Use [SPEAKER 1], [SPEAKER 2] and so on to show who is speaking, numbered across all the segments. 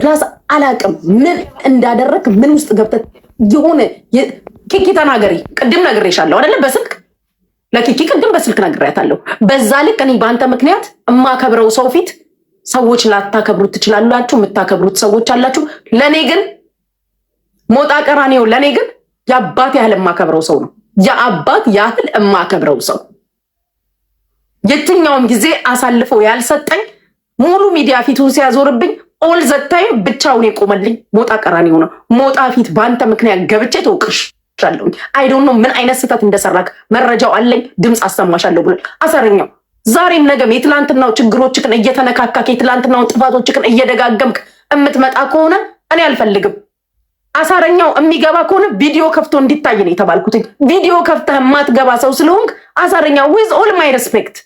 [SPEAKER 1] ፕላስ አላቅም ምን እንዳደረግ ምን ውስጥ ገብተህ የሆነ ኪኪ ተናገሪ። ቅድም ነግሬሻለሁ አይደለም በስልክ ለኪኪ ቅድም በስልክ ነግሬያታለሁ። በዛ ልክ እኔ በአንተ ምክንያት እማከብረው ሰው ፊት ሰዎች ላታከብሩት ትችላላችሁ፣ የምታከብሩት ሰዎች አላችሁ። ለእኔ ግን ሞጣ ቀራኔው ለእኔ ግን የአባት ያህል የማከብረው ሰው ነው። የአባት ያህል የማከብረው ሰው የትኛውም ጊዜ አሳልፈው ያልሰጠኝ ሙሉ ሚዲያ ፊቱን ሲያዞርብኝ ኦል ዘታይም ብቻውን የቆመልኝ ሞጣ ቀራኒ ሆነ። ሞጣ ፊት በአንተ ምክንያት ገብቼ ተወቅሻለሁ። አይዶን ነው ምን አይነት ስህተት እንደሰራክ መረጃው አለኝ፣ ድምፅ አሰማሻለሁ ብሏል። አሰረኛው ዛሬም ነገም የትላንትናው ችግሮችክን እየተነካካክ የትላንትናውን ጥፋቶችክን እየደጋገምክ እምትመጣ ከሆነ እኔ አልፈልግም። አሳረኛው የሚገባ ከሆነ ቪዲዮ ከፍቶ እንዲታይ ነው የተባልኩት። ቪዲዮ ከፍተህ የማትገባ ሰው ስለሆንክ አሳረኛው ዊዝ ኦል ማይ ሬስፔክት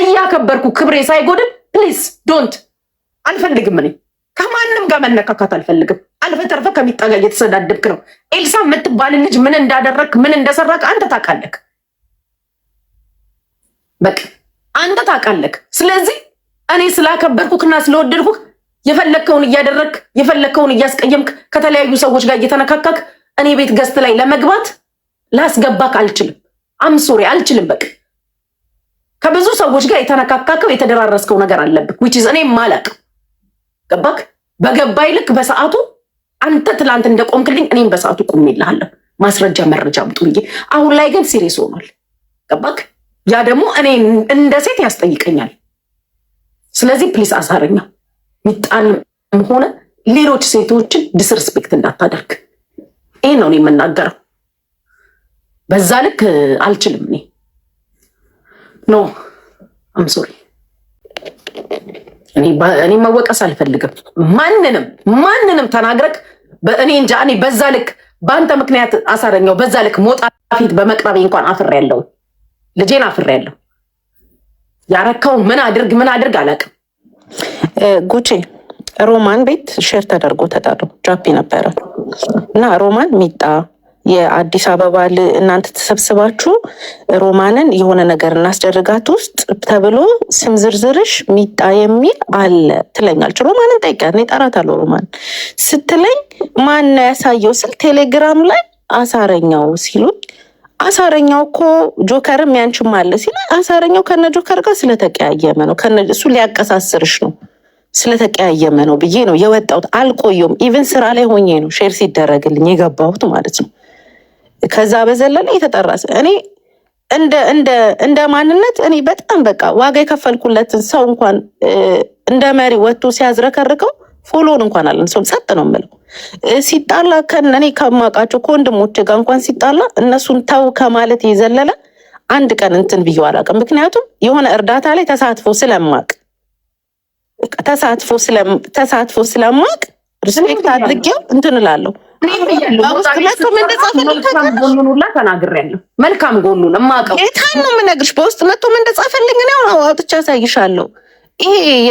[SPEAKER 1] እያከበርኩ ክብሬ ሳይጎድል ፕሊዝ ዶንት አልፈልግም። እኔ ከማንም ጋር መነካካት አልፈልግም። አልፈ ተርፈ ከሚጣ ጋር እየተሰዳደብክ ነው። ኤልሳ የምትባል ልጅ ምን እንዳደረግ ምን እንደሰራክ አንተ ታውቃለህ። በቃ አንተ ታውቃለህ። ስለዚህ እኔ ስላከበርኩክና ስለወደድኩክ የፈለግከውን እያደረግክ የፈለግከውን እያስቀየምክ ከተለያዩ ሰዎች ጋር እየተነካካክ እኔ ቤት ገዝት ላይ ለመግባት ላስገባክ አልችልም። አምሶሪ አልችልም በቃ ከብዙ ሰዎች ጋር የተነካካከው የተደራረስከው ነገር አለብህ። ዊች እኔ ማለቅ ገባክ። በገባይ ልክ በሰዓቱ አንተ ትላንት እንደቆምክልኝ እኔም በሰዓቱ ቆሜልሃለሁ። ማስረጃ መረጃ አምጡ ብዬ። አሁን ላይ ግን ሲሪየስ ሆኗል። ገባክ። ያ ደግሞ እኔ እንደ ሴት ያስጠይቀኛል። ስለዚህ ፕሊስ አሳረኛ ሚጣንም ሆነ ሌሎች ሴቶችን ዲስርስፔክት እንዳታደርግ። ይህ ነው የምናገረው። በዛ ልክ አልችልም እኔ ኖ አምሶሪ እኔ መወቀስ አልፈልግም። ማንንም ማንንም ተናግረክ በእኔ እንጃ እኔ በዛ ልክ በአንተ ምክንያት አሳረኛው በዛ ልክ ሞጣ ፊት በመቅረቤ እንኳን አፍሬ ያለው ልጄን አፍሬ ያለው ያረካው ምን አድርግ ምን አድርግ አላውቅም። ጉቼ ሮማን ቤት ሼር ተደርጎ ተጠሩ ጃፒ ነበረ እና ሮማን ሚጣ የአዲስ አበባ እናንተ ተሰብስባችሁ ሮማንን የሆነ ነገር እናስደርጋት ውስጥ ተብሎ ስም ዝርዝርሽ ሚጣ የሚል አለ ትለኛለች። ሮማንን ጠይቂያት፣ እኔ እጠራታለሁ ሮማን ስትለኝ ማን ያሳየው ስል ቴሌግራም ላይ አሳረኛው ሲሉኝ አሳረኛው እኮ ጆከርም ያንችም አለ ሲል አሳረኛው ከነ ጆከር ጋር ስለተቀያየመ ነው እሱ ሊያቀሳስርሽ ነው ስለተቀያየመ ነው ብዬ ነው የወጣሁት። አልቆየም ኢቨን ስራ ላይ ሆኜ ነው ሼር ሲደረግልኝ የገባሁት ማለት ነው። ከዛ በዘለለ የተጠራ እኔ እንደ ማንነት እኔ በጣም በቃ ዋጋ የከፈልኩለትን ሰው እንኳን እንደ መሪ ወጥቶ ሲያዝረከርከው ፎሎን እንኳን አለን ሰው ጸጥ ነው የምለው። ሲጣላ ከእኔ ከማውቃቸው ከወንድሞቼ ጋር እንኳን ሲጣላ እነሱን ተው ከማለት የዘለለ አንድ ቀን እንትን ብዬ አላውቅም። ምክንያቱም የሆነ እርዳታ ላይ ተሳትፎ ስለማቅ ተሳትፎ ስለማቅ ሪስፔክት አድርጌው እንትን እላለሁ። መልካም ጎኑን እማውቀው የታን ነው የምነግርሽ። በውስጥ መጥቶ ምን እንደጻፈልኝ እኔ አውጥቼ አሳይሻለሁ። ይሄ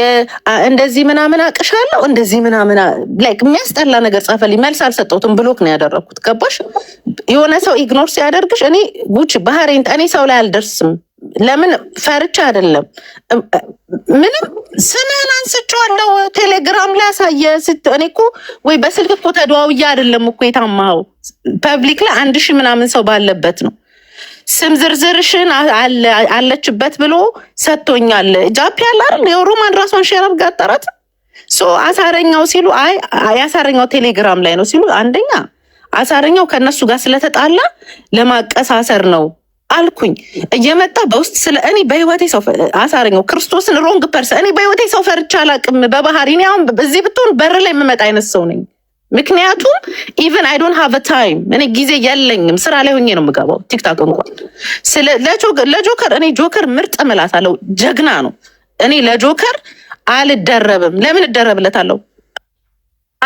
[SPEAKER 1] እንደዚህ ምናምን አቅሻለሁ እንደዚህ ምናምን ላይክ የሚያስጠላ ነገር ጻፈልኝ። መልስ አልሰጠሁትም፣ ብሎክ ነው ያደረኩት። ገባሽ? የሆነ ሰው ኢግኖር ሲያደርግሽ እኔ ጉች ባህሬን እኔ ሰው ላይ አልደርስም። ለምን ፈርቻ አይደለም። ምንም ስምህን ዋለው ቴሌግራም ላይ ያሳየ። እኔ እኮ ወይ በስልክ እኮ ተደዋውዬ አይደለም እኮ የታማው ፐብሊክ ላይ አንድ ሺህ ምናምን ሰው ባለበት ነው። ስም ዝርዝርሽን አለችበት ብሎ ሰጥቶኛል። ጃፒ ያለ የኦሮማን የሮማን ራሷን ሼር አድርጋ አጠራት። አሳረኛው ሲሉ አይ የአሳረኛው ቴሌግራም ላይ ነው ሲሉ፣ አንደኛ አሳረኛው ከእነሱ ጋር ስለተጣላ ለማቀሳሰር ነው አልኩኝ እየመጣ በውስጥ ስለ እኔ በህይወቴ ሰው አሳረኛው ክርስቶስን ሮንግ ፐርሰን። እኔ በህይወቴ ሰው ፈርቻ አላቅም በባህሪ። እኔ አሁን እዚህ ብትሆን በር ላይ የምመጣ አይነት ሰው ነኝ። ምክንያቱም ኢቨን አይ ዶንት ሃቭ ታይም እኔ ጊዜ የለኝም። ስራ ላይ ሆኜ ነው የምገባው። ቲክታክ እንኳን ለጆከር እኔ ጆከር ምርጥ ምላት አለው። ጀግና ነው። እኔ ለጆከር አልደረብም። ለምን እደረብለታለሁ?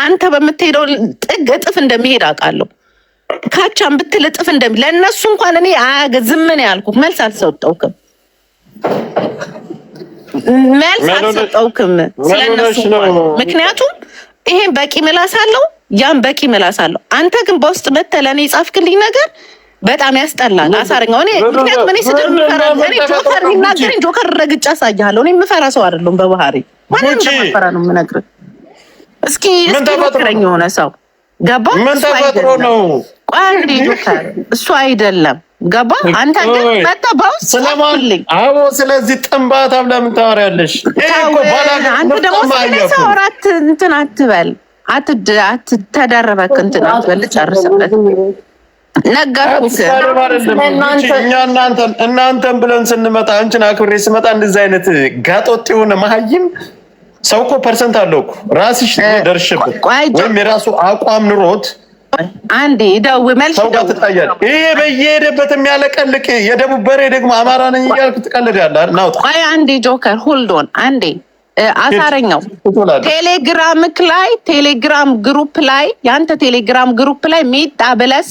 [SPEAKER 1] አንተ በምትሄደው ጥግ እጥፍ እንደሚሄድ አውቃለሁ። ካቻን ብትልጥፍ እንደሚ ለእነሱ እንኳን እኔ አያገ ዝምን ያልኩ መልስ አልሰጠውክም፣ መልስ አልሰጠውክም ስለነሱ እንኳን ምክንያቱም ይሄን በቂ ምላስ አለው፣ ያን በቂ ምላስ አለው። አንተ ግን በውስጥ መተህ ለእኔ የጻፍክልኝ ነገር በጣም ያስጠላል። አሳርኛው እኔ ምክንያቱም እኔ ስድብ ምፈራ እኔ ጆከር ቢናገረኝ ጆከር ረግጬ አሳያለሁ። እኔ የምፈራ ሰው አይደለሁም በባህሪ ማንም እንደማፈራ ነው የምነግርህ። እስኪ እስኪ ሞክረኝ የሆነ ሰው ገባ ምን ተፈጥሮ ነው እሱ አይደለም ገባ። አንተ ግን መጣ በውስጥ አዎ፣ ስለዚህ ጥንባታም ለምን ታወሪያለሽ? አንተ ደግሞ አራት እንትን አትበል፣ አትተደረበክ እንትን አትበል። ጨርስበት ነገርኩህ። እናንተን ብለን ስንመጣ አንቺን አክብሬ ስመጣ እንደዚህ አይነት ጋጦጥ የሆነ መሀይም ሰው እኮ ፐርሰንት አለው እኮ ራስሽ ደርሽበት ወይም የራሱ አቋም ኑሮት አንዴ ደው መልሽ ሰው ይሄ በየሄደበት የደቡብ በሬ ደግሞ አማራ ነኝ እያልክ ትቀልዳለህ አንዴ ጆከር ሁልዶን አንዴ አሳረኛው ላይ ቴሌግራም ግሩፕ ላይ ያንተ ቴሌግራም ግሩፕ ላይ ሚጣ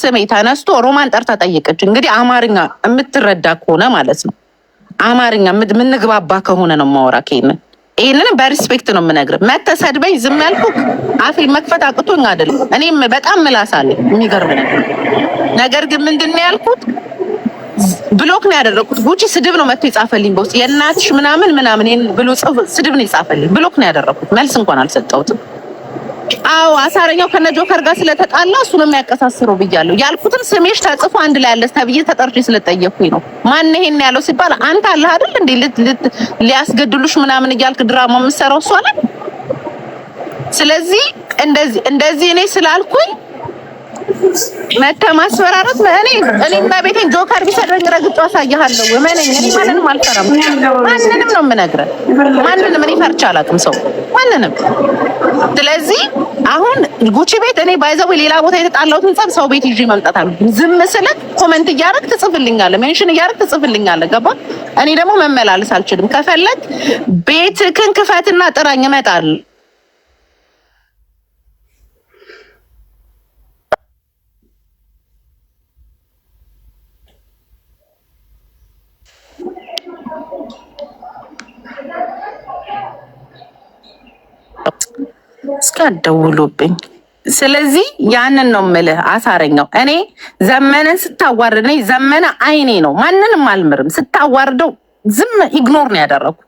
[SPEAKER 1] ስሜ ተነስቶ ሮማን ጠርታ ጠየቀች። እንግዲህ አማርኛ የምትረዳ ከሆነ ማለት ነው አማርኛ የምንግባባ ከሆነ ነው ማወራ ከይነ ይህንን በሪስፔክት ነው የምነግር። መተሰድበኝ ዝም ያልኩ አፌ መክፈት አቅቶኝ አይደለም። እኔም በጣም ምላስ አለ የሚገርም ነገር። ነገር ግን ምንድን ነው ያልኩት? ብሎክ ነው ያደረኩት። ጉቺ ስድብ ነው መጥቶ የጻፈልኝ በውስጥ የእናትሽ ምናምን ምናምን ብሎ ስድብ ነው የጻፈልኝ። ብሎክ ነው ያደረኩት። መልስ እንኳን አልሰጠሁትም። አዎ አሳረኛው ከነ ጆከር ጋር ስለተጣላ እሱ ነው የሚያቀሳስረው ብያለሁ። ያልኩትን ስሜሽ ተጽፎ አንድ ላይ አለ ተብዬ ተጠርቼ ስለጠየኩኝ ነው። ማን ይሄን ያለው ሲባል አንተ አለህ አይደል እንዴ ሊያስገድሉሽ ምናምን እያልክ ድራማ የምትሰራው እሷ አለ። ስለዚህ እንደዚህ እንደዚህ እኔ ስላልኩኝ መተ ማስፈራራት እኔ እና ቤቴን ጆከር ቢሰድረኝ ረግጬ አሳያለሁ። እመነኝ፣ እኔ ማንንም አልፈራም። ማንንም ነው የምነግረህ። ማንንም እኔ ፈርቼ አላውቅም ሰው ማንንም። ስለዚህ አሁን ጉቺ ቤት እኔ ባይዘው ሌላ ቦታ የተጣላሁትን ጸብ ሰው ቤት ይዤ መምጣታል። ዝም ስልክ ኮመንት እያደረግ ትጽፍልኛለህ፣ ሜንሽን እያደረግ ትጽፍልኛለህ። ገባ? እኔ ደግሞ መመላለስ አልችልም። ከፈለግ ቤትህን ክፈትና ጥራኝ፣ እመጣለሁ እስኪ ስለዚህ ያንን ነው ምልህ አሳረኛው እኔ ዘመነን ስታዋርድ ዘመነ አይኔ ነው፣ ማንንም አልምርም። ስታዋርደው ዝም ኢግኖር ነው ያደረግኩት።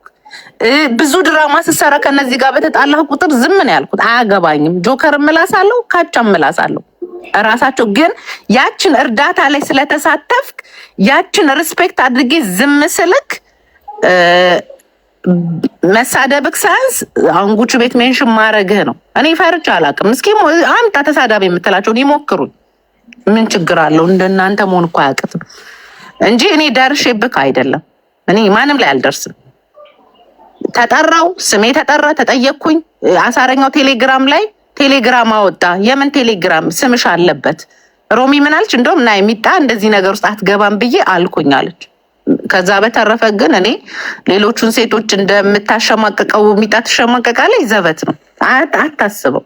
[SPEAKER 1] ብዙ ድራማ ስሰራ ከነዚህ ጋር በተጣላ ቁጥር ዝም ነው ያልኩት። አያገባኝም። ጆከር እምላሳለሁ፣ ካቻ እምላሳለሁ። እራሳቸው ግን ያችን እርዳታ ላይ ስለተሳተፍክ ያችን ሪስፔክት አድርጌ ዝም ስልክ መሳደብክ ሳያንስ አሁን ጉቹ ቤት ሜንሽን ማድረግህ ነው። እኔ ፈርጭ አላውቅም። እስኪ አምጣ ተሳዳቢ የምትላቸውን ይሞክሩኝ። ምን ችግር አለው? እንደናንተ መሆን እኮ አያውቅትም እንጂ እኔ ደርሼብክ አይደለም። እኔ ማንም ላይ አልደርስም። ተጠራው፣ ስሜ ተጠራ፣ ተጠየቅኩኝ። አሳረኛው ቴሌግራም ላይ ቴሌግራም አወጣ። የምን ቴሌግራም ስምሽ አለበት። ሮሚ ምን አለች? እንደውም ና የሚጣ እንደዚህ ነገር ውስጥ አትገባም ብዬ አልኩኝ አለች። ከዛ በተረፈ ግን እኔ ሌሎቹን ሴቶች እንደምታሸማቀቀው ሚጣ ትሸማቀቃለች፣ ዘበት ነው አታስበው።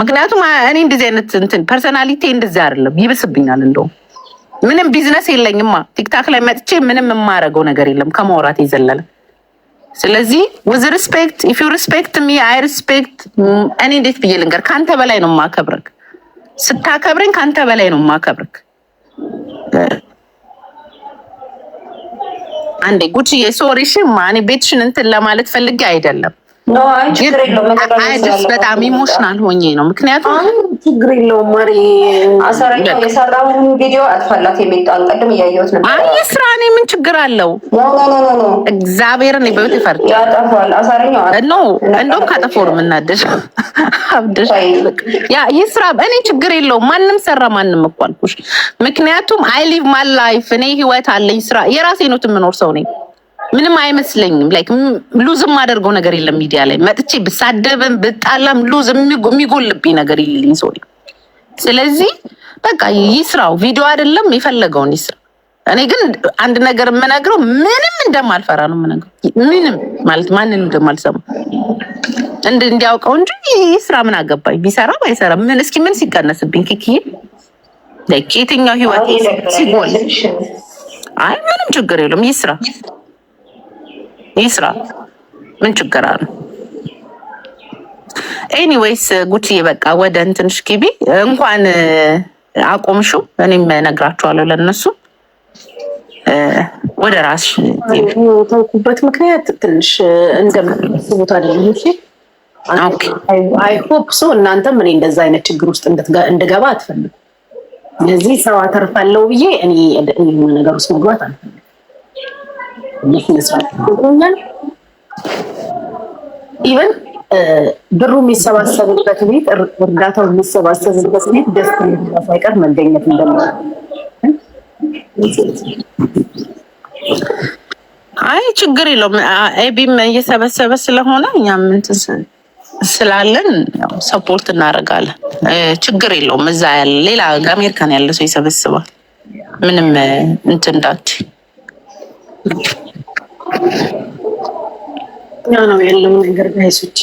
[SPEAKER 1] ምክንያቱም እኔ እንደዚህ አይነት እንትን ፐርሰናሊቲ እንደዚህ አይደለም፣ ይብስብኛል። እንደውም ምንም ቢዝነስ የለኝማ ቲክታክ ላይ መጥቼ ምንም የማረገው ነገር የለም ከማውራት የዘለለ ስለዚህ ውዝ ሪስፔክት ኢፍ ዩ ሪስፔክት ሚ አይ ሪስፔክት እኔ እንዴት ብዬ ልንገር፣ ከአንተ በላይ ነው ማከብረክ። ስታከብረኝ ከአንተ በላይ ነው ማከብረክ። አንዴ ጉቺዬ፣ የሶሪሽ ማኔ ቤትሽን እንትን ለማለት ፈልጌ አይደለም አይደስ በጣም ኢሞሽናል ሆኜ ነው። ምክንያቱም ችግር የለውም መሪ አሰረኛ የሰራውን ቪዲዮ አጥፋላት እያየሁት ነበር። አይ ስራ እኔ ምን ችግር አለው? እግዚአብሔርን በቤት ይፈርድ ያጠፋል። አሰረኛ ኖ እንደውም ነው የምናደሽ አብደሽ ያ ይህ ስራ እኔ ችግር የለውም። ማንም ሰራ ማንም እኮ አልኩሽ። ምክንያቱም አይ ሊቭ ማይ ላይፍ እኔ ህይወት አለኝ ስራ የራሴ ነው የምኖር ሰው ነኝ። ምንም አይመስለኝም። ላይክ ሉዝ የማደርገው ነገር የለም። ሚዲያ ላይ መጥቼ ብሳደብም ብጣላም ሉዝ የሚጎልብኝ ነገር የለኝ ሰው። ስለዚህ በቃ ይስራው፣ ቪዲዮ አይደለም የፈለገውን ይስራ። እኔ ግን አንድ ነገር የምነግረው ምንም እንደማልፈራ ነው የምነግረው። ምንም ማለት ማንን እንደማልሰማ እንድ እንዲያውቀው እንጂ ይስራ። ምን አገባኝ ቢሰራ ባይሰራ፣ ምን እስኪ ምን ሲቀነስብኝ ኪኪ የትኛው ህይወት ሲጎል? አይ ምንም ችግር የለም ይስራ። ይስራ፣ ምን ችግር አለ? ኤኒዌይስ ጉቺዬ በቃ ወደ እንትንሽ ግቢ። እንኳን አቆምሹ እኔም ነግራችኋለሁ ለነሱ ወደ ራስሽ የተውኩበት ምክንያት ትንሽ እንደምታስቡት አይደለም። አይ ሆፕ ሶ እናንተም እኔ እንደዛ አይነት ችግር ውስጥ እንድገባ አትፈልጉ። ለዚህ ሰው አተርፋለሁ ብዬ እኔ ነገር ውስጥ መግባት አልፈልግም። ይህ ኢቨን ብሩ የሚሰባሰብበት ቤት፣ እርዳታው የሚሰባሰብበት ቤት ደስ ሳይቀር መገኘት እንደማ አይ ችግር የለውም። ኤቢም እየሰበሰበ ስለሆነ እኛም እንትን ስላለን ሰፖርት እናደርጋለን። ችግር የለውም። እዛ ያለ ሌላ አሜሪካን ያለ ሰው ይሰበስባል። ምንም እንትን እንዳት ያ ነው ያለው ነገር ጋይሶች።